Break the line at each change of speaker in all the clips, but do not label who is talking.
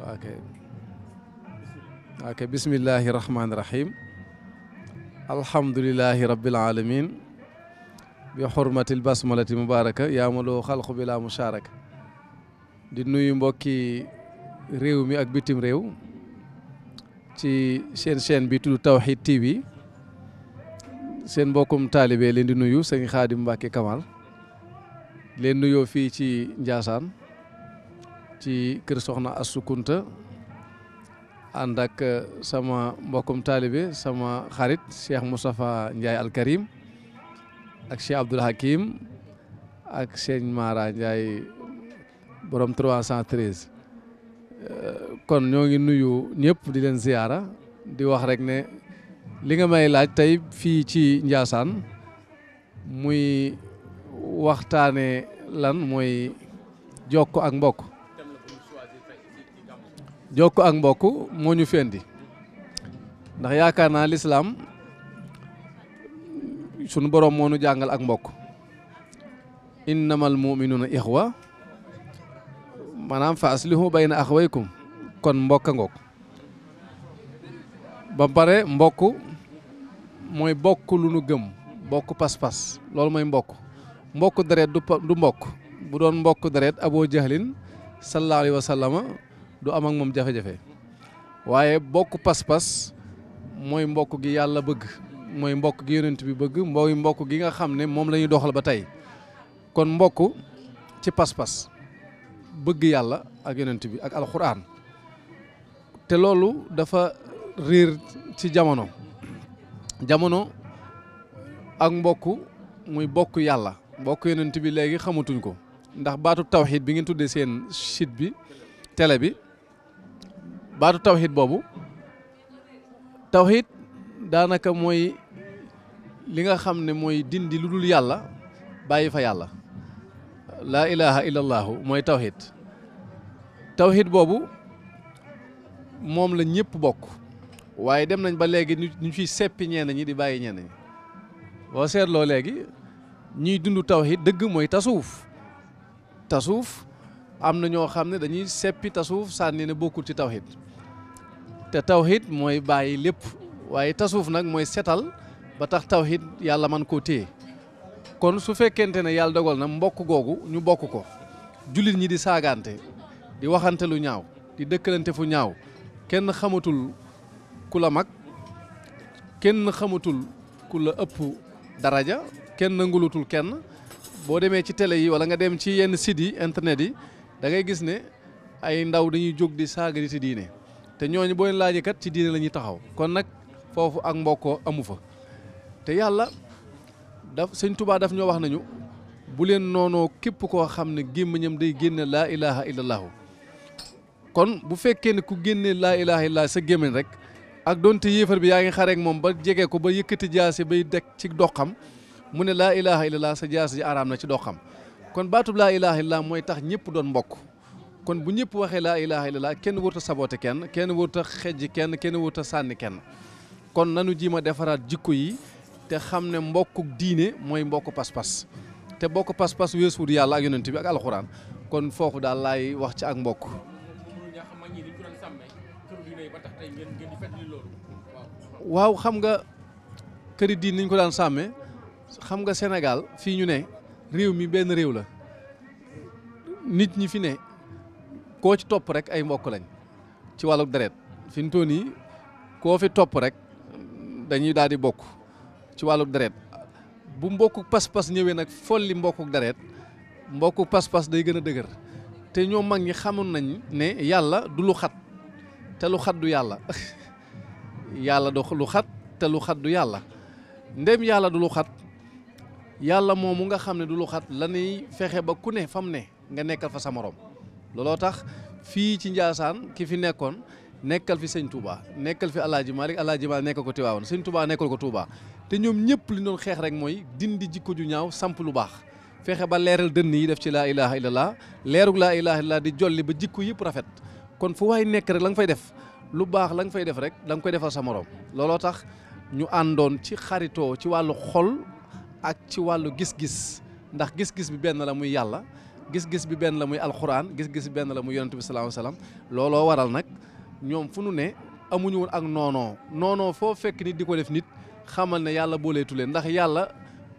ok ok bismillahi rahmaani rahim alhamdulilahi rabbil alamin bi xurmatil basmalati mubaraka yaamaloo xalqu bi laa musharaka di nuyu mbokki réew mi ak bitim réew ci seen chaîne bi tudd Tawhid TV seen mbokkum taalibe leen di nuyu sëñ Xaadim Mbàkke Kamal leen nuyoo fii ci Njaasaan ci kër soxna Astou Kounta ànd eh, sama mbokkum taalibe sama xarit Cheikh Moustapha Ndiaye Al Karim ak Cheikh Abdoul Hakim ak Cheikh Mara Ndiaye borom 313 eh, kon ñoo ngi nuyu ñëpp di leen ziyaara di wax rek ne li nga may laaj tey fii ci Njaasaan muy waxtaane lan mooy jokk ak mbokk jokk ak mbokk moo ñu fendi ndax yaakaar naa lislaam sunu boroom moo nu jàngal ak mbokk na innamal muminuuna ixwa maanaam fa aslihu bayna axwaykum kon mbokk a ngoog ba pare mbokk mooy bokk lu nu gëm bokk pas-pas loolu mooy mbokk mbokk deret du mbokk bu doon mbokk deret aboo jahlin sallallahu alayhi wa sallama du am ak moom jafe-jafe waaye bokk pas-pas mooy mbokk gi yàlla bëgg mooy mbokk gi yonent bi bëgg mooy mbokk gi nga xam ne moom lañuy ñuy doxal ba tey kon mbokk ci pas-pas bëgg yàlla ak yonent bi ak alxuraan te loolu dafa riir ci jamono jamono ak mbokk muy bokk yàlla mbokk yonent bi léegi xamatuñ ko ndax baatu tawxiid bi ngeen tuddee seen site bi tele bi baatu tawxiid boobu tawxiid daanaka mooy li nga xam ne mooy dindi lu dul yàlla bàyyi fa yàlla laa ilaha illallahu mooy tawxiid tawxiid boobu moom la ñëpp bokk waaye dem nañ ba léegi ñu ciy seppi ñenn ñi di bàyyi ñenn ñi boo seetloo léegi ñuy dund tawxiid dëgg mooy tasuuf tasuuf am na ñoo xam ne dañuy seppi tasuuf sànni ne bokkul ci tawxiid te tawhid mooy bàyyi lépp waaye tasawuf nag mooy setal ba tax tawhid yàlla man ko téye kon su fekkente ne yàlla dogal na mbokk googu ñu bokk ko jullit ñi di saagaante di waxante lu ñaaw di dëkkalante fu ñaaw kenn xamatul ku la mag kenn xamatul ku la ëpp daraja kenn nangulutul kenn boo demee ci tele yi wala nga dem ci yenn site internet yi da ngay gis ne ay ndaw dañuy jóg di saaga nit diine te ñooñu boo leen laajee kat ci diine lañuy taxaw kon nag foofu ak mbokkoo amu fa te yàlla daf sëñ tubaa daf ñoo wax nañu bu leen noonoo képp koo xam ne gémmiñam day génne laa ilaha illallahu kon bu fekkee ne ku génne laa ilaha illallah sa gémmiñ rek ak doonte yéefar bi yaa ngi xareek moom ba jege ko ba yëkkati jaase bay dekk ci doxam mu ne laa ilaha illallah sa jaase ji araam na ci doxam kon baatub laa ilaha illallah mooy tax ñëpp doon mbokk kon bu ñëpp waxee laa ilaha laa kenn wërta saboote kenn kenn wërta xejj kenn kenn wërta sànni kenn kon nanu ji defaraat jikko yi te xam ne mbokk diine mooy mbokk pas-pas te bokk pas-pas weesuwul yàlla ak yonent bi ak alxuraan kon foofu daal laay wax ci ak mbokk waaw xam nga këri diin niñ ko daan sàmmee xam nga senegal fii ñu ne réew mi benn réew la nit ñi fi ne koo ci topp rek ay mbokk lañ ci wàllu deret fi mu toll nii koo fi topp rek dañuy daal di bokk ci wàllu deret bu mbokku pas-pas ñëwee nag folli mbokku deret mbokku pas-pas day gën a dëgër te ñoom mag ñi xamoon nañ ne yàlla du lu xat te lu xat du yàlla yàlla du lu xat te lu xat du yàlla ndem yàlla du lu xat yàlla moomu nga xam ne du lu xat la fexe ba ku ne fam ne nga nekkal fa sa morom looloo tax fii ci Njaasaan ki fi nekkoon nekkal fi sëñ Touba nekkal fi Alaaji Malik Alaaji Malik nekk ko Tiwaawan sëñ Touba nekkal ko Touba te ñoom ñëpp li doon xeex rek mooy dindi jikko ju ñaaw samp lu baax fexe ba leeral dënn yi def ci laa ilaha illallah leerug laa ilaha illallah di jolli ba jikko yëpp rafet kon fu waay nekk rek la fay def lu baax la nga fay def rek da koy defal sa moroom looloo tax ñu àndoon ci xaritoo ci wàllu xol ak ci wàllu gis-gis ndax gis-gis bi benn la muy yàlla gis-gis bi benn la muy alxuraan gis-gis bi benn la muy yonent bi sallallahu alayhi wasallam looloo waral nag ñoom fu nu ne amuñu ak noonoo noonoo foo fekk nit di ko def nit xamal ne yàlla booleetu leen ndax yàlla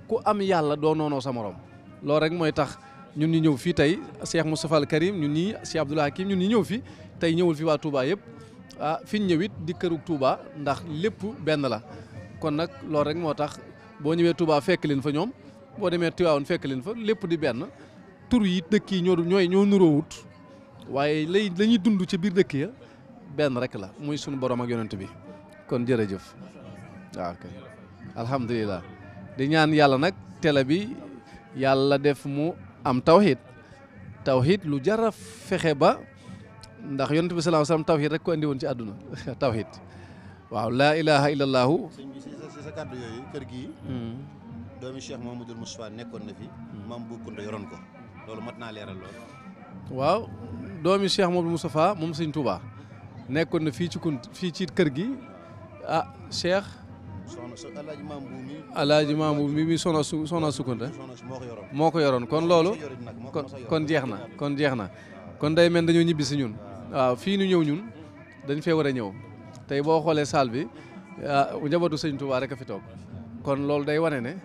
ku am yàlla doo noonoo sa morom loolu rek mooy tax ñun ñu ñëw fii tey Cheikh Moustapha Al Karim ñun ñii Cheikh Abdoul Hakim ñun ñi ñëw fi tey ñëwul fi waa Touba yëpp ah fi ñu ñëw it di këru Touba ndax lépp benn la kon nag loolu rek moo tax boo ñëwee Touba fekk leen fa ñoom boo demee Tivaouane fekk leen fa lépp di benn tur yi dëkk yi ñoo ñooy ñoo nuróowut waaye lay la dund ci biir dëkk ya benn rek la muy sunu borom ak bi kon jërëjëf waaw kay alhamdulilah di ñaan yàlla nag tele bi yàlla def mu am tawhid tawhid lu jar a fexe ba ndax yonent bi sallallahu alayhi wasallam tawhid rek ko andi ci àdduna tawhid waaw laa ilaha illallahu si sa kàddu yooyu kër gi hmm. doomi Cheikh Mamadou Moustapha nekkoon na fi hmm. maam bu yoroon ko loolu mat naa leeral waaw doomi Cheikh Modou Moustapha moom sëñ Touba nekkoon na fii ci kun fii ci kër gi ah Cheikh. soxna su Alaaji Maam Bu mi. Alaaji Maam Bu mi mi soxna su soxna moo ko yoroon kon loolu. kon kon jeex na kon jeex na kon day mel dañoo ñibbi si ñun. waaw fii nu ñëw ñun dañ fee war a ñëw tey boo xoolee salle bi ah, u sëñ Touba rek a fi toog kon loolu day wane ne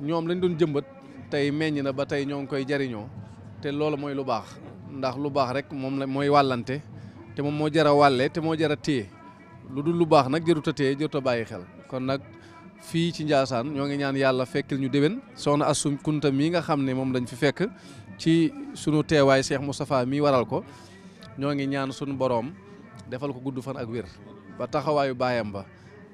ñoom lañ doon jëmbat tey meññ na ba tey ñoo ngi koy jariñoo te loolu mooy lu baax ndax lu baax rek moom la mooy wàllante te moom moo jar a wàlle te moo jara a téye lu dul lu baax nag jarut a téye a bàyyi xel kon nag fii ci Njaasaan ñoo ngi ñaan yàlla fekkil ñu déwén soxna Astou Kounta mii nga xam ne moom lañ fi fekk ci suñu teewaay Cheikh Moustapha mii waral ko ñoo ngi ñaan sunu boroom defal ko gudd fan ak wér ba taxawaayu baayam ba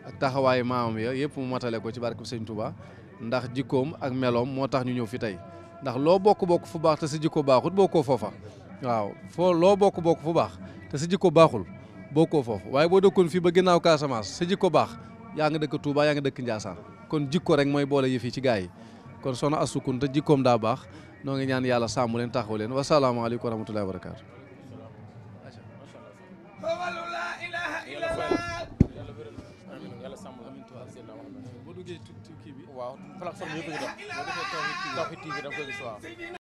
ak taxawaayu maamam ya yëpp mu matale ko ci barke Sëñ Touba ndax jikkoom ak meloom moo tax ñu ñëw fi tey ndax loo bokk-bokk fu baax te sa jikko boo ko foofa waaw foo loo bokk-bokk fu baax te sa jikko baaxul boo ko foofa waaye boo dëkkoon fii ba ginnaaw Casamance sa jikko baax yaa ngi dëkk Touba yaa ngi dëkk Ndiassane kon jikko rek mooy boole yëf yi ci gaa yi kon soxna Astou Kounta jikkoom daa baax noo ngi ñaan yàlla sàmm leen taxaw leen wasalaamaaleykum wa rahmatullahi wa barakaatu waaw plateforme yëpp ñu def boo defee Tawfekh TV da nga koy gis waaw